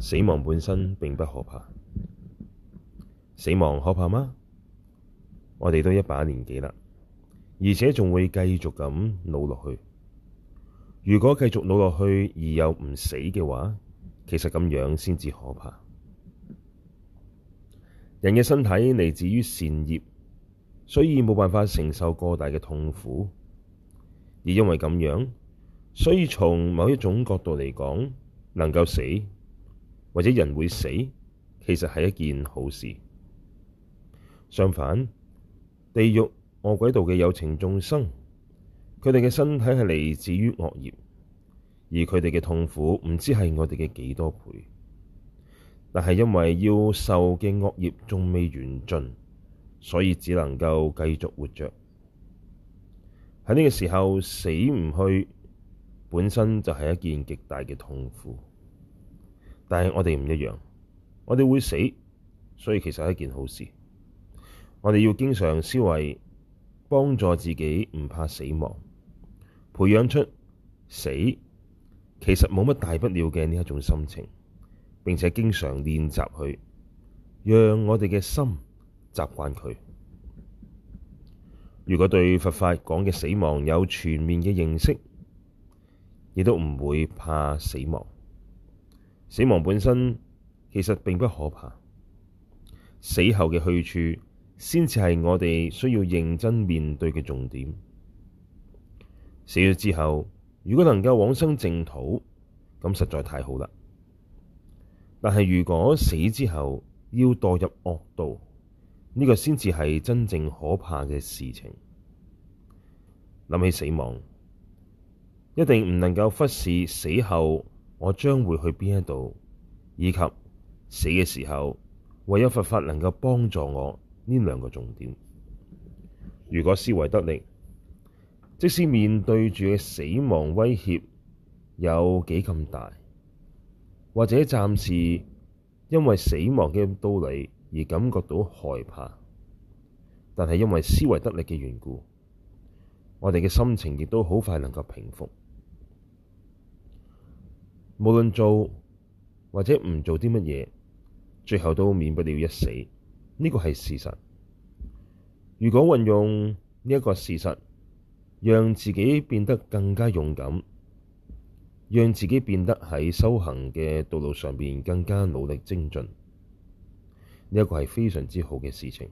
死亡本身並不可怕，死亡可怕嗎？我哋都一把年紀啦，而且仲會繼續咁老落去。如果繼續老落去，而又唔死嘅話，其實咁樣先至可怕。人嘅身體嚟自於善業，所以冇辦法承受過大嘅痛苦。而因為咁樣，所以從某一種角度嚟講，能夠死。或者人會死，其實係一件好事。相反，地獄惡鬼道嘅有情眾生，佢哋嘅身體係嚟自於惡業，而佢哋嘅痛苦唔知係我哋嘅幾多倍。但係因為要受嘅惡業仲未完盡，所以只能夠繼續活着。喺呢個時候死唔去，本身就係一件極大嘅痛苦。但係我哋唔一樣，我哋會死，所以其實係一件好事。我哋要經常思維幫助自己唔怕死亡，培養出死其實冇乜大不了嘅呢一種心情，並且經常練習佢，讓我哋嘅心習慣佢。如果對佛法講嘅死亡有全面嘅認識，亦都唔會怕死亡。死亡本身其實並不可怕，死後嘅去處先至係我哋需要認真面對嘅重點。死咗之後，如果能夠往生淨土，咁實在太好啦。但係如果死之後要墮入惡道，呢個先至係真正可怕嘅事情。諗起死亡，一定唔能夠忽視死後。我將會去邊一度，以及死嘅時候，唯有佛法能夠幫助我。呢兩個重點。如果思維得力，即使面對住嘅死亡威脅有幾咁大，或者暫時因為死亡嘅道理而感覺到害怕，但係因為思維得力嘅緣故，我哋嘅心情亦都好快能夠平復。無論做或者唔做啲乜嘢，最後都免不了一死。呢個係事實。如果運用呢一個事實，讓自己變得更加勇敢，讓自己變得喺修行嘅道路上邊更加努力精進，呢一個係非常之好嘅事情。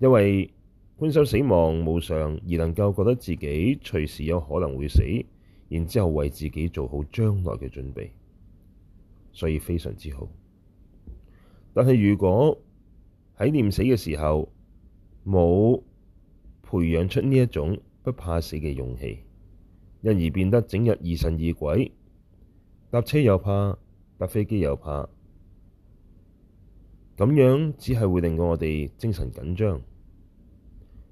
因為觀修死亡無常而能夠覺得自己隨時有可能會死。然之後為自己做好將來嘅準備，所以非常之好。但係如果喺念死嘅時候冇培養出呢一種不怕死嘅勇氣，因而變得整日疑神疑鬼，搭車又怕，搭飛機又怕，咁樣只係會令到我哋精神緊張，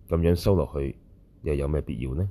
咁樣收落去又有咩必要呢？